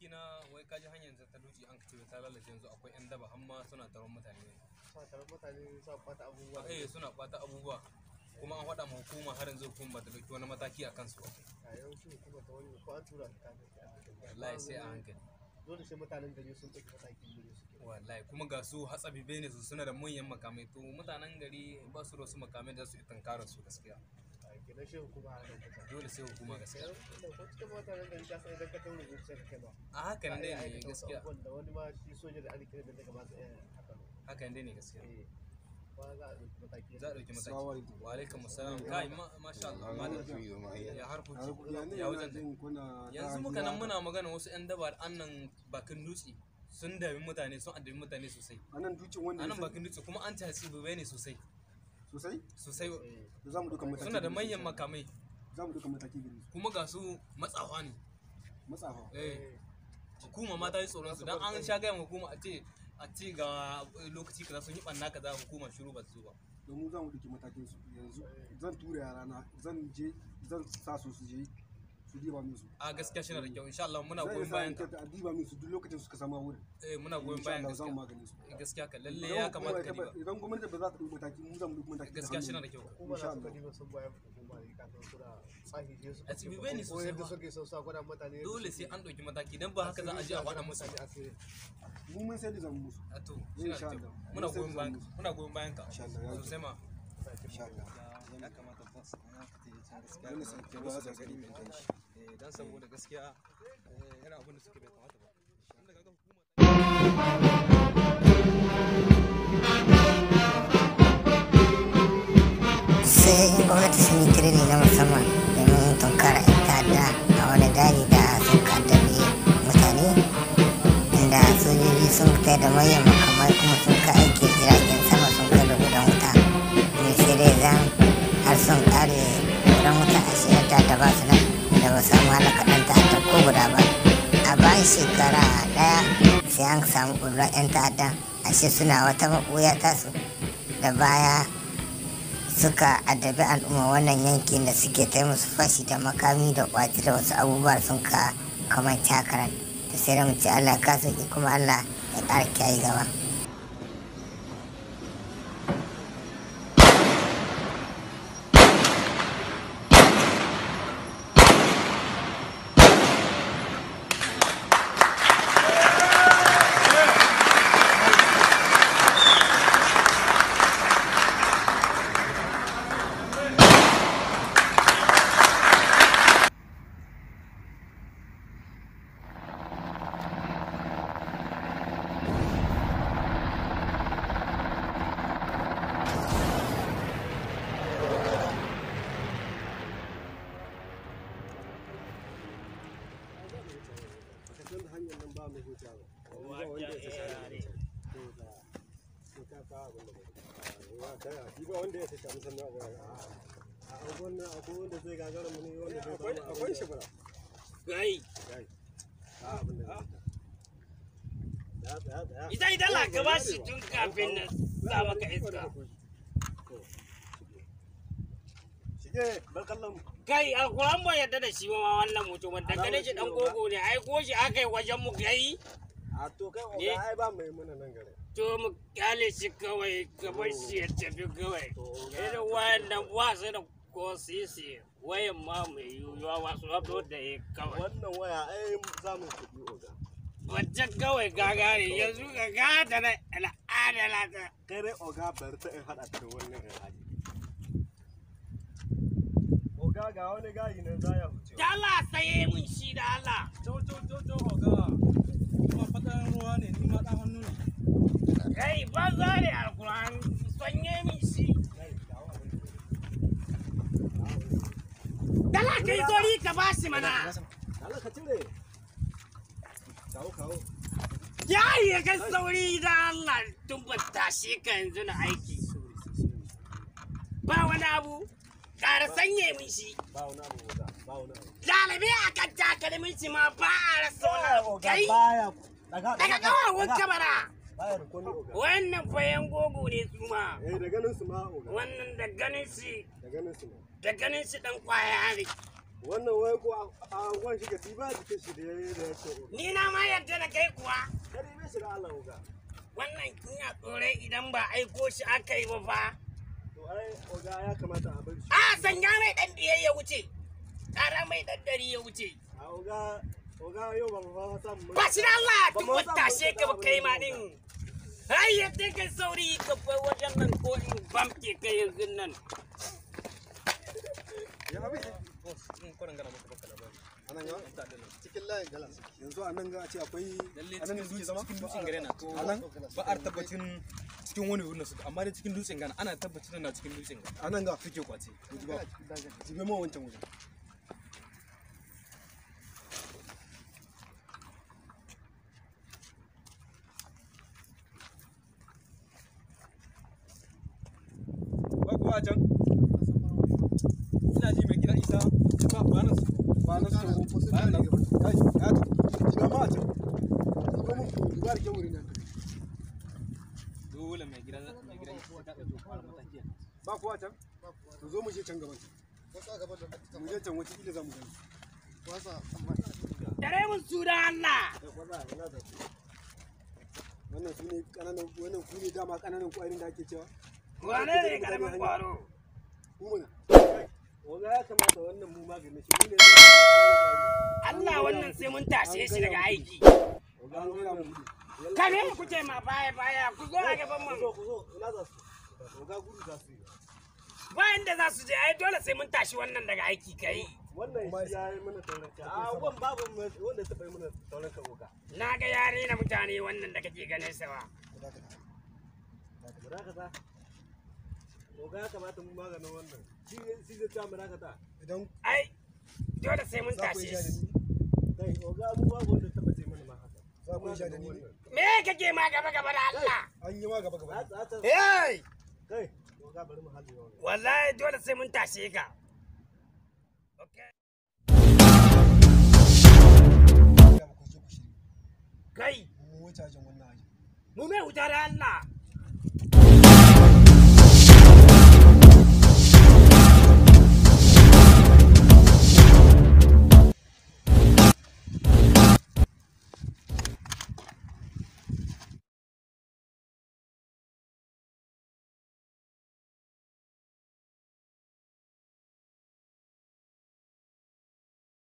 aboki na wai kaji hanyar ta talauci an kace ta lalace yanzu akwai yan daba amma suna taron mutane ne suna taron mutane suna fata abubuwa eh suna fata abubuwa kuma an faɗa ma hukuma har yanzu hukuma ta dauki wani mataki akan su a yau shi hukuma ta wani ko an tura ta wallahi sai a hankali dole sai mutanen gari sun dauki mataki ne suke wallahi kuma ga su hatsabi ne su suna da manyan makamai to mutanen gari ba su da su makamai da su tankara su gaskiya kenan shi dole sai hukuma gaskiya sai ka ne ne gaskiya ba haka ne ne gaskiya za a ɗauki mataki za a ɗauki mataki wa alaikum salam kai masha Allah ma ya harkoki ya wajen yanzu muka nan muna magana wasu ƴan daba annan bakin dutse sun dami mutane sun addabi mutane sosai annan dutse wanda annan bakin dutse kuma an tasi bai ne sosai sosai sosai eh, za mu duka mataki suna da manyan makamai za mu duka mataki kuma ga su matsawa ne matsawa eh. eh hukuma ma ta yi tsoron su dan an sha gaya hukuma a ce a ce ga eh, lokaci kaza sun yi banna kaza hukuma shiru ba su ba domin za mu matakin su yanzu zan tura yara na zan je zan sa su su je su diba a gaskiya shi na da kyau insha Allah muna goyon bayan ka a diba duk lokacin suka samu wurin eh muna goyon bayan ka su eh, gaskiya ka lalle ya kamata ka diba idan gwamnati ba za ta mu gaskiya shi na da kyau insha Allah diba sun bayan hukuma ne kafin da a cikin suke so sa gwada mutane dole sai an dauki mataki dan ba haka za a je a faɗa musu mu mun sai da zamu musu a to insha Allah muna goyon bayan muna goyon bayan ka insha Allah sosai ma insha Allah ya kamata ba su ka mai Eh, don saboda gaskiya eh, yana abin da suke bai kamata ba sai in gwamnati sun yi tiriri na musamman domin ta'adda a wani daji da sun kaddabi mutane inda sojoji sun fita da sai an samu ƙurar 'yan ta'adda ashe suna wata maɓuya tasu da baya suka addabi al'umma wannan yankin da suke ta musu fashi da makami da ƙwaci da wasu abubuwa sun ka kamar cakaran da sai da mace allah ka kuma allah ya ƙara kyayi gaba nan ba mu huta ba wanda ya ta abin da ba ta ba wanda ya a a nan akwai wanda zai gagara mu ne wanda zai akwai shi gai gai a abin da ita ita la shi tun kafin na maka iska shige mu kai alkuran ba yadda da shi ba ma wannan mutumin da gane shi dan gogo ne ai ko shi aka yi wajen mu kai a to kai oga eh? ai ba mai muna nan gare to mu kale shi kawai kamar shi ya tafi kawai irin wayannan wasu da ko sisi wayan ma mai yiwuwa wasu wato da ya kawai wannan waya ai za mu kuɗi oga wajen kawai gagare yanzu ga gada na al'adala ta kare oga bari ta in hada ta wannan ra'ayi oga ga wani gayi nan zaya huce saye min shi da Allah to to to to oga kuma fatan ruwa ne ni ma dan hannu ne kai banza ne alquran sanye min shi Dala kai zori ka bashi mana. Dala ka cire. Kawo kawo. sauri da Allah tun ban tashi ka yanzu na aiki. Ba wani abu. Ƙara sanye mun shi. Ba a kan takalmin shi ma ba a kai. Daga kawawun Wannan fayan gogo ne su ma. Eh, wannan da ganin shi. Da ganin shi dan kwaya ne. wannan wai ko a ba shi da da ni na ma yarda da kai kuwa kare shi da Allah uga wannan kin ya tsore idan ba aiko shi aka yi ba fa a sanya mai dan biyar ya wuce ƙara mai dan dari ya wuce ba shi da Allah duk wata she ka kai ma din ai yadda ka sauri ka bar wajen nan ko in bamke kai yanzu nan ya abin anan ga cikin layin galan yanzu anan ga a ce akwai anan ne suke zama cikin dutsen gare na anan ba a tabbacin cikin wani wurin su amma dai cikin dutsen gana ana tabbacin na cikin dutsen gana anan ga suke kwace jibe jibe ma wancan wajen ina ji mai gina isa ba ba nan ba nan ba kowa can to zo mu je can gaban mu je can wata kila za mu gani dare mun suna Allah wannan su ne kananan wannan ku ne dama kananan kwarin da ake cewa wane ne karamin kwaro kuma wanda ya kamata wannan mu maganin shi ne Allah wannan sai mun tashe shi daga aiki Ka kame kuke ma baya baya ku zo a gaban mu bayan da za su je ai dole sai mun tashi wannan daga aiki kai wannan shi ya yi mana a wan babu wanda ta bai mana na ga yare na mutane wannan da kake ganin sa ba murakata goga kamata maganin wannan shi shi zai ta murakata idan ai dole sai mun tashi kai wanda ta bai mana ma haka za ku yi jadani me kake ma gaba gaba da Allah an yi ma gaba gaba wallahi dole sai mun tashe ka kai mu mai wuta da Allah